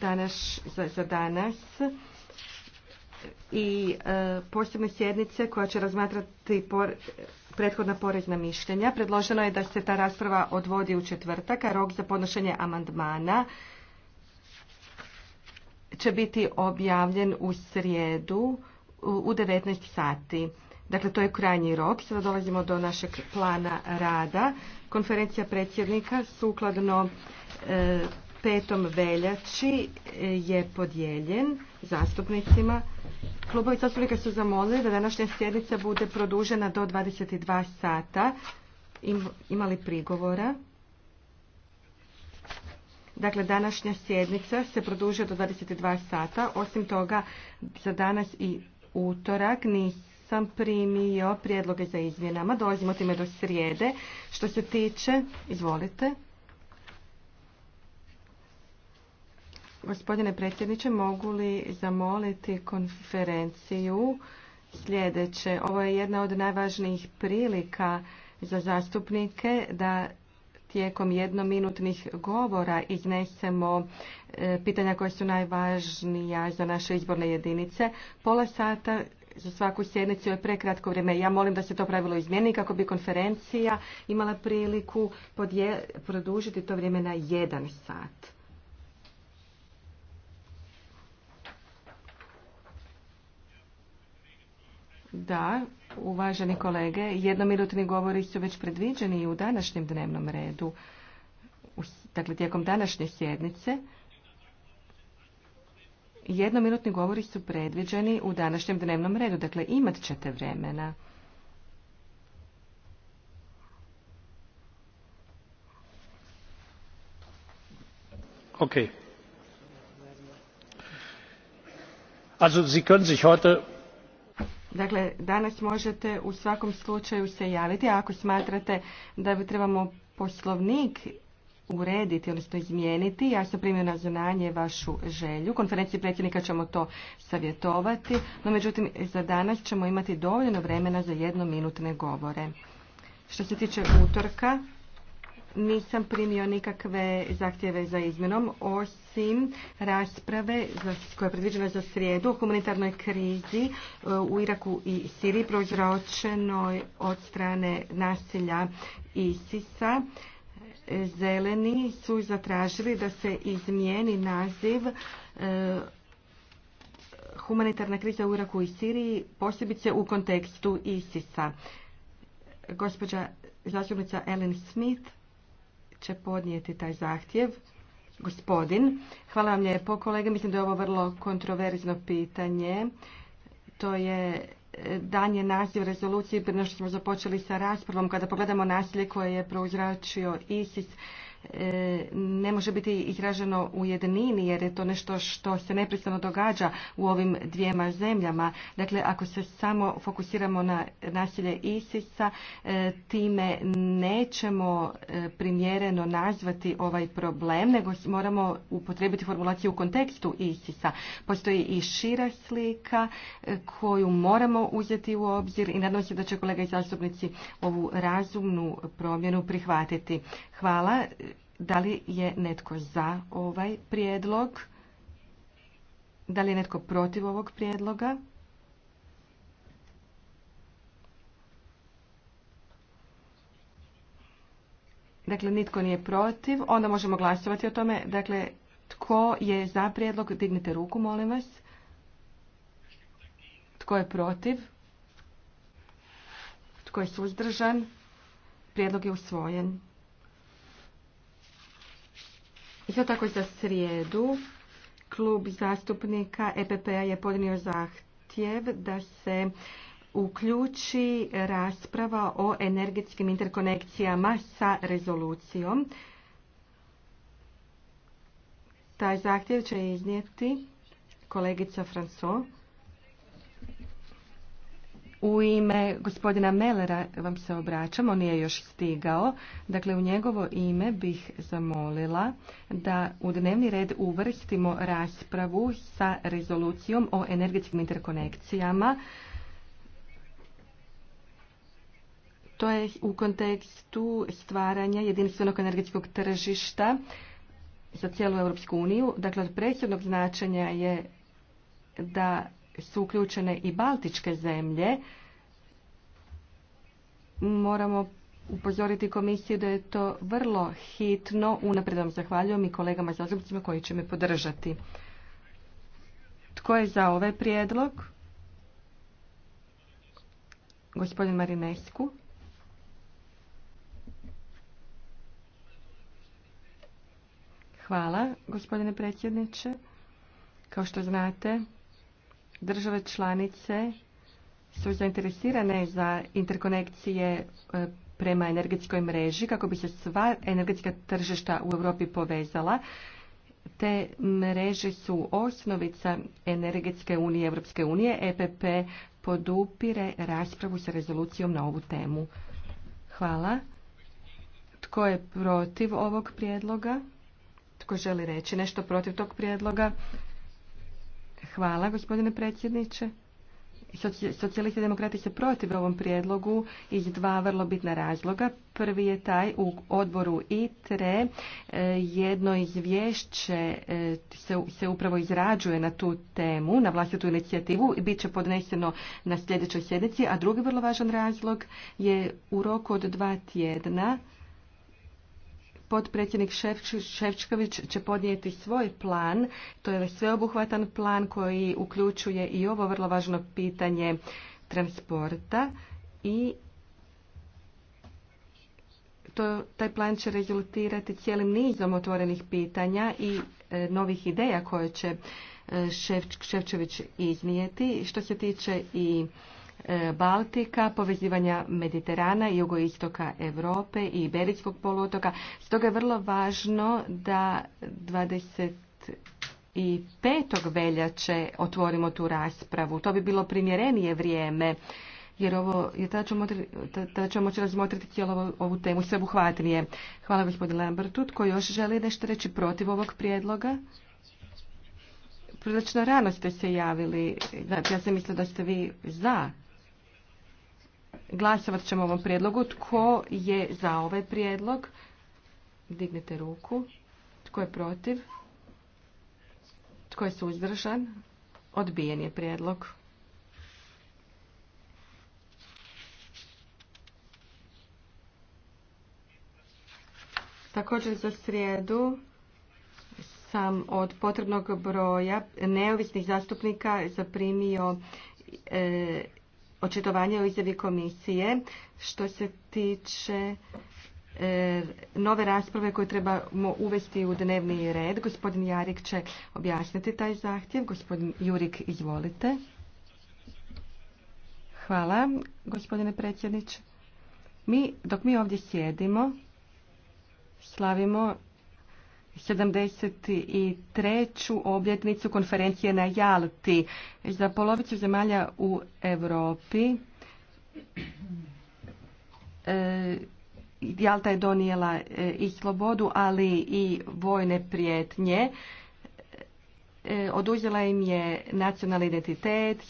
danas, za, danas i e, posebne sjednice koja će razmatrati prethodna porezna mišljenja. Predloženo je da se ta rasprava odvodi u četvrtak, a rok za podnošenje amandmana će biti objavljen u srijedu u 19 sati. Dakle, to je krajnji rok. Sada dolazimo do našeg plana rada. Konferencija predsjednika sukladno e, Petom veljači e, je podijeljen zastupnicima. Klubovi zastupnika su zamolili da današnja sjednica bude produžena do 22 sata. Imali prigovora? Dakle, današnja sjednica se produžuje do 22 sata. Osim toga, za danas i utorak nisam primio prijedloge za izmjenama. Dolazimo time do srijede. Što se tiče, izvolite. Gospodine predsjedniče, mogu li zamoliti konferenciju sljedeće? Ovo je jedna od najvažnijih prilika za zastupnike da tijekom jednominutnih govora iznesemo e, pitanja koja su najvažnija za naše izborne jedinice. Pola sata za svaku sjednicu je prekratko vrijeme. Ja molim da se to pravilo izmijeni kako bi konferencija imala priliku produžiti to vrijeme na jedan sat. Da, uvaženi kolege, jednominutni govori su već predviđeni i u današnjem dnevnom redu, uh, dakle tijekom današnje sjednice. Jednominutni govori su predviđeni u današnjem dnevnom redu, dakle imat ćete vremena. Ok. Also, Sie können sich heute Dakle, danas možete u svakom slučaju se javiti, ako smatrate da bi trebamo poslovnik urediti, odnosno izmijeniti. Ja sam primio na znanje vašu želju. Konferenciji predsjednika ćemo to savjetovati, no međutim za danas ćemo imati dovoljno vremena za jednominutne govore. Što se tiče utorka, nisam primio nikakve zahtjeve za izmjenom osim rasprave koja je predviđena za srijedu o humanitarnoj krizi e, u Iraku i Siriji prouzročenoj od strane nasilja ISIS-a. Zeleni su zatražili da se izmijeni naziv e, humanitarna kriza u Iraku i Siriji, posebice u kontekstu ISIS-a. Gospođa zastupnica Ellen Smith će podnijeti taj zahtjev. Gospodin, hvala vam lijepo kolege, mislim da je ovo vrlo kontroverzno pitanje. To je e, danje naziv rezolucije, prije što smo započeli sa raspravom. Kada pogledamo nasilje koje je prouzračio ISIS, E, ne može biti izraženo u jednini jer je to nešto što se neprestano događa u ovim dvijema zemljama. Dakle, ako se samo fokusiramo na nasilje ISIS-a, e, time nećemo e, primjereno nazvati ovaj problem, nego moramo upotrebiti formulaciju u kontekstu ISIS-a. Postoji i šira slika koju moramo uzeti u obzir i nadam se da će kolega i zastupnici ovu razumnu promjenu prihvatiti. Hvala da li je netko za ovaj prijedlog? Da li je netko protiv ovog prijedloga? Dakle, nitko nije protiv. Onda možemo glasovati o tome. Dakle, tko je za prijedlog? Dignite ruku, molim vas. Tko je protiv? Tko je suzdržan? Prijedlog je usvojen. Isto tako za srijedu klub zastupnika EPP-a je podnio zahtjev da se uključi rasprava o energetskim interkonekcijama sa rezolucijom. Taj zahtjev će iznijeti kolegica Franso. U ime gospodina Melera vam se obraćam, on je još stigao. Dakle, u njegovo ime bih zamolila da u dnevni red uvrstimo raspravu sa rezolucijom o energetskim interkonekcijama. To je u kontekstu stvaranja jedinstvenog energetskog tržišta za cijelu Europsku uniju. Dakle, od presudnog značenja je da su uključene i baltičke zemlje, moramo upozoriti komisiju da je to vrlo hitno. Unapred vam zahvaljujem i kolegama zastupnicima koji će me podržati. Tko je za ovaj prijedlog? Gospodin Marinesku. Hvala, gospodine predsjedniče. Kao što znate, Države članice su zainteresirane za interkonekcije e, prema energetskoj mreži kako bi se sva energetska tržišta u Europi povezala. Te mreže su osnovica energetske unije Europske unije. EPP podupire raspravu sa rezolucijom na ovu temu. Hvala. Tko je protiv ovog prijedloga? Tko želi reći nešto protiv tog prijedloga? Hvala, gospodine predsjedniče. Socijalisti demokrati se protive ovom prijedlogu iz dva vrlo bitna razloga. Prvi je taj u odboru ITRE. E, jedno izvješće e, se upravo izrađuje na tu temu, na vlastitu inicijativu i bit će podneseno na sljedećoj sjednici. A drugi vrlo važan razlog je u roku od dva tjedna potpredsjednik Ševčković će podnijeti svoj plan. To je sveobuhvatan plan koji uključuje i ovo vrlo važno pitanje transporta i to, taj plan će rezultirati cijelim nizom otvorenih pitanja i e, novih ideja koje će e, Ševčević iznijeti. Što se tiče i E, Baltika, povezivanja Mediterana, jugoistoka Europe i Iberijskog poluotoka. Stoga je vrlo važno da 25. i veljače otvorimo tu raspravu. To bi bilo primjerenije vrijeme, jer ovo, jer tada ćemo, moći razmotriti cijelu ovu temu sveobuhvatnije. Hvala gospodin Lambertu. Tko još želi nešto reći protiv ovog prijedloga? Prilično rano ste se javili. Znači, ja sam mislila da ste vi za Glasovat ćemo ovom prijedlogu. Tko je za ovaj prijedlog? Dignite ruku. Tko je protiv? Tko je suzdržan? Odbijen je prijedlog. Također za srijedu sam od potrebnog broja neovisnih zastupnika zaprimio e, očitovanje o izjavi komisije što se tiče e, nove rasprave koje trebamo uvesti u dnevni red. Gospodin Jarik će objasniti taj zahtjev. Gospodin Jurik, izvolite. Hvala, gospodine predsjedniče. Mi, dok mi ovdje sjedimo, slavimo 73. obljetnicu konferencije na Jalti. Za polovicu zemalja u Europi e, Jalta je donijela e, i slobodu, ali i vojne prijetnje. E, oduzela im je nacionalni identitet,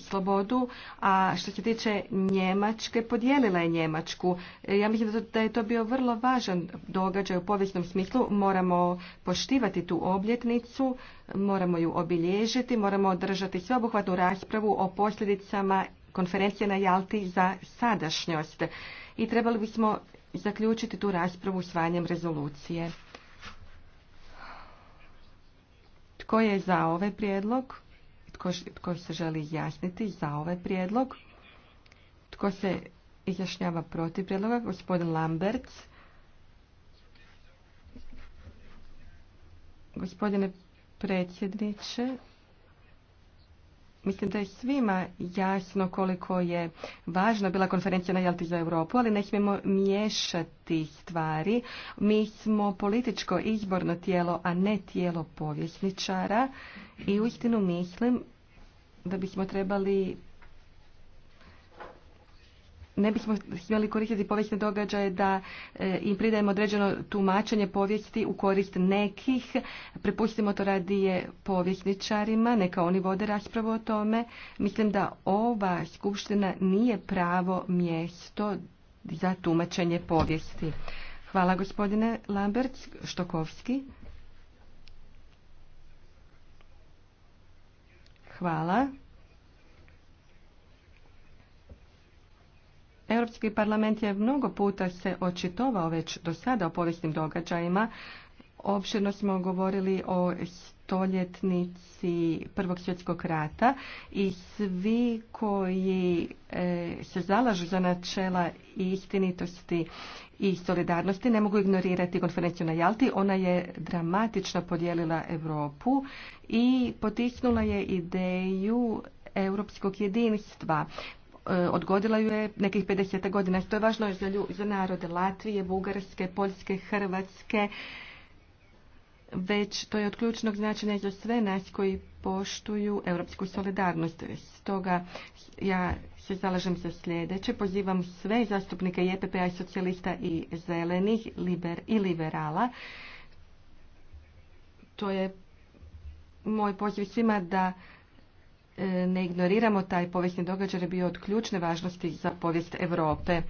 slobodu, a što se tiče Njemačke, podijelila je Njemačku. E, ja mislim da je to bio vrlo važan događaj u povijesnom smislu. Moramo poštivati tu obljetnicu, moramo ju obilježiti, moramo održati sveobuhvatnu raspravu o posljedicama konferencije na Jalti za sadašnjost. I trebali bismo zaključiti tu raspravu usvajanjem rezolucije. Tko je za ovaj prijedlog? Tko, tko se želi izjasniti za ovaj prijedlog? Tko se izjašnjava protiv prijedloga? Gospodin Lamberts. Gospodine predsjedniče, Mislim da je svima jasno koliko je važna bila konferencija na za Europu, ali ne smijemo miješati stvari. Mi smo političko izborno tijelo, a ne tijelo povjesničara i uistinu mislim da bismo trebali ne bismo smjeli koristiti povijesne događaje da e, im pridajemo određeno tumačenje povijesti u korist nekih. Prepustimo to radije povjesničarima, neka oni vode raspravu o tome. Mislim da ova skupština nije pravo mjesto za tumačenje povijesti. Hvala gospodine Lambert Štokovski. Hvala. Europski parlament je mnogo puta se očitovao već do sada o povijesnim događajima. Opširno smo govorili o stoljetnici Prvog svjetskog rata i svi koji e, se zalažu za načela istinitosti i solidarnosti ne mogu ignorirati konferenciju na Jalti. Ona je dramatično podijelila Europu i potisnula je ideju europskog jedinstva. E, odgodila ju je nekih 50 godina. To je važno za, lju, za narode Latvije, Bugarske, Poljske, Hrvatske. Već to je od ključnog značenja za sve nas koji poštuju europsku solidarnost. Stoga ja se zalažem za sljedeće. Pozivam sve zastupnike EPP-a i socijalista i zelenih liber, i liberala. To je moj poziv svima da ne ignoriramo taj povijesni događaj je bio od ključne važnosti za povijest Europe.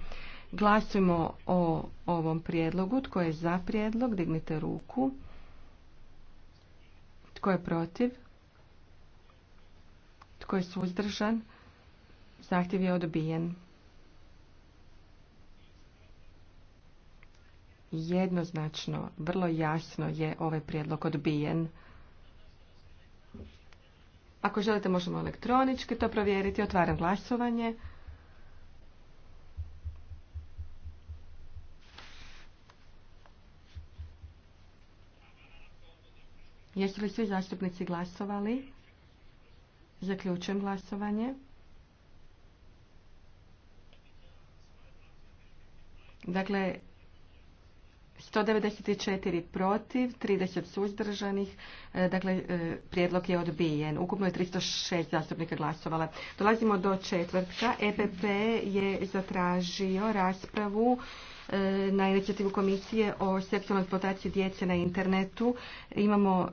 Glasujmo o ovom prijedlogu. Tko je za prijedlog? Dignite ruku. Tko je protiv? Tko je suzdržan? Zahtjev je odbijen. Jednoznačno, vrlo jasno je ovaj prijedlog odbijen. Ako želite možemo elektronički to provjeriti. Otvaram glasovanje. Jesu li svi zastupnici glasovali? Zaključujem glasovanje. Dakle, 194 protiv, 30 suzdržanih, e, dakle e, prijedlog je odbijen. Ukupno je 306 zastupnika glasovala. Dolazimo do četvrtka. EPP je zatražio raspravu e, na inicijativu komisije o seksualnoj eksploataciji djece na internetu. Imamo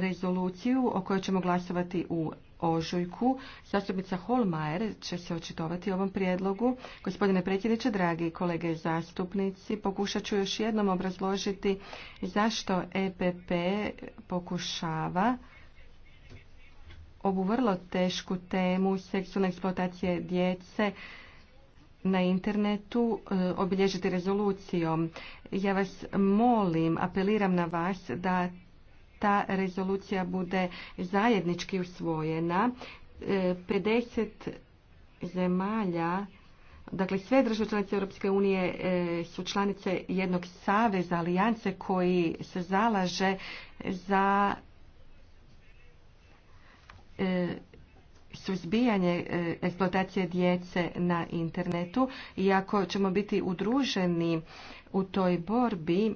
rezoluciju o kojoj ćemo glasovati u ožujku. Zastupnica Holmajer će se očitovati ovom prijedlogu. Gospodine predsjedniče, dragi kolege zastupnici, pokušat ću još jednom obrazložiti zašto EPP pokušava ovu vrlo tešku temu seksualne eksploatacije djece na internetu e, obilježiti rezolucijom. Ja vas molim, apeliram na vas da ta rezolucija bude zajednički usvojena. 50 e, zemalja Dakle, sve države članice Europske unije e, su članice jednog saveza, alijance koji se zalaže za e, suzbijanje eksploatacije djece na internetu Iako ćemo biti udruženi u toj borbi,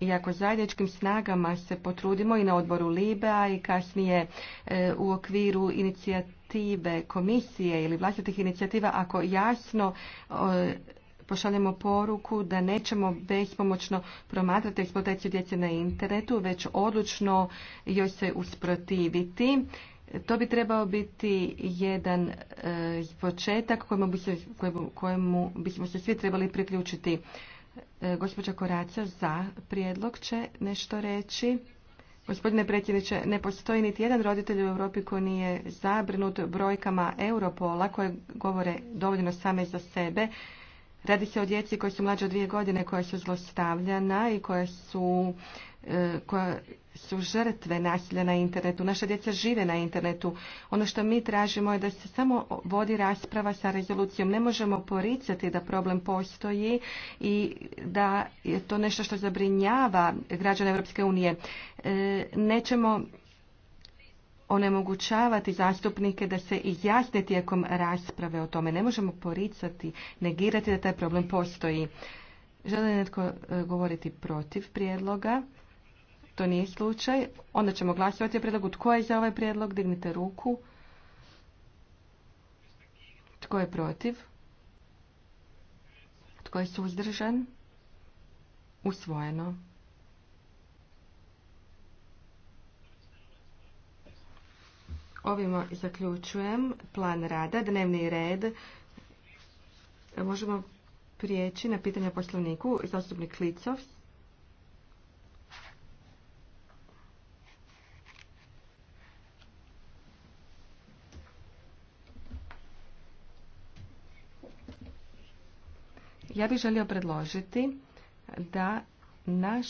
iako zajedničkim snagama se potrudimo i na odboru Libea i kasnije e, u okviru inicijative komisije ili vlastitih inicijativa, ako jasno pošaljemo poruku da nećemo bespomoćno promatrati eksploataciju djece na internetu, već odlučno joj se usprotiviti. To bi trebao biti jedan e, početak kojemu, bi kojemu bismo se svi trebali priključiti. E, gospođa Koraca za prijedlog će nešto reći. Gospodine predsjedniče, ne postoji niti jedan roditelj u Europi koji nije zabrinut brojkama Europola koje govore dovoljno same za sebe. Radi se o djeci koji su mlađe od dvije godine, koja su zlostavljana i koja su, e, koja su žrtve nasilja na internetu. Naša djeca žive na internetu. Ono što mi tražimo je da se samo vodi rasprava sa rezolucijom. Ne možemo poricati da problem postoji i da je to nešto što zabrinjava građane Europske unije. E, nećemo onemogućavati zastupnike da se izjasne tijekom rasprave o tome. Ne možemo poricati, negirati da taj problem postoji. Želi netko e, govoriti protiv prijedloga? To nije slučaj. Onda ćemo glasovati o prijedlogu. Tko je za ovaj prijedlog? Dignite ruku. Tko je protiv? Tko je suzdržan? Usvojeno. Ovima zaključujem plan rada, dnevni red. Možemo prijeći na pitanja poslovniku. Zastupnik Klicov. Ja bih želio predložiti da naš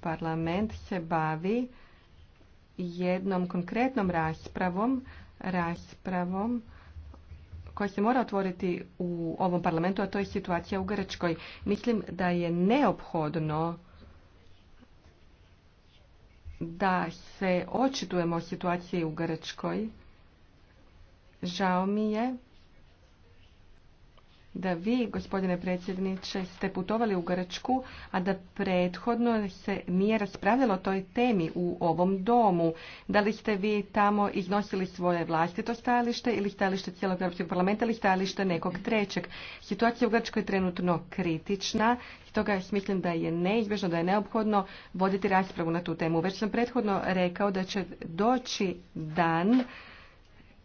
parlament se bavi jednom konkretnom raspravom, raspravom koja se mora otvoriti u ovom parlamentu, a to je situacija u Grčkoj. Mislim da je neophodno da se očitujemo o situaciji u Grčkoj. Žao mi je da vi, gospodine predsjedniče, ste putovali u Grčku, a da prethodno se nije raspravljalo o toj temi u ovom domu. Da li ste vi tamo iznosili svoje vlastito stajalište ili stajalište cijelog Europskog parlamenta ili stajalište nekog trećeg? Situacija u Grčkoj je trenutno kritična, stoga mislim da je neizbježno, da je neophodno voditi raspravu na tu temu. Već sam prethodno rekao da će doći dan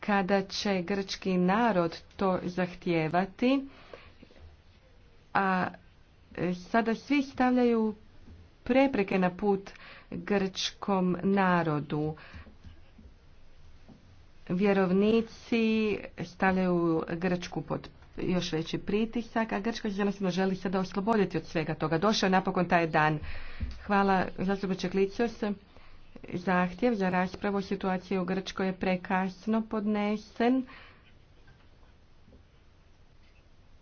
kada će grčki narod to zahtijevati, a e, sada svi stavljaju prepreke na put grčkom narodu. Vjerovnici stavljaju Grčku pod još veći pritisak, a Grčka jednostavno želi sada osloboditi od svega toga. Došao je napokon taj dan. Hvala zastupniče Klicios zahtjev za raspravu situacije u Grčkoj je prekasno podnesen.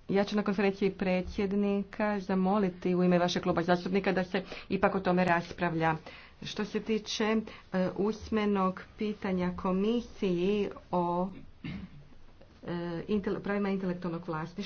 Ja ću na konferenciji predsjednika zamoliti u ime vašeg kluba zastupnika da se ipak o tome raspravlja. Što se tiče e, usmenog pitanja komisiji o e, pravima intelektualnog vlasništva,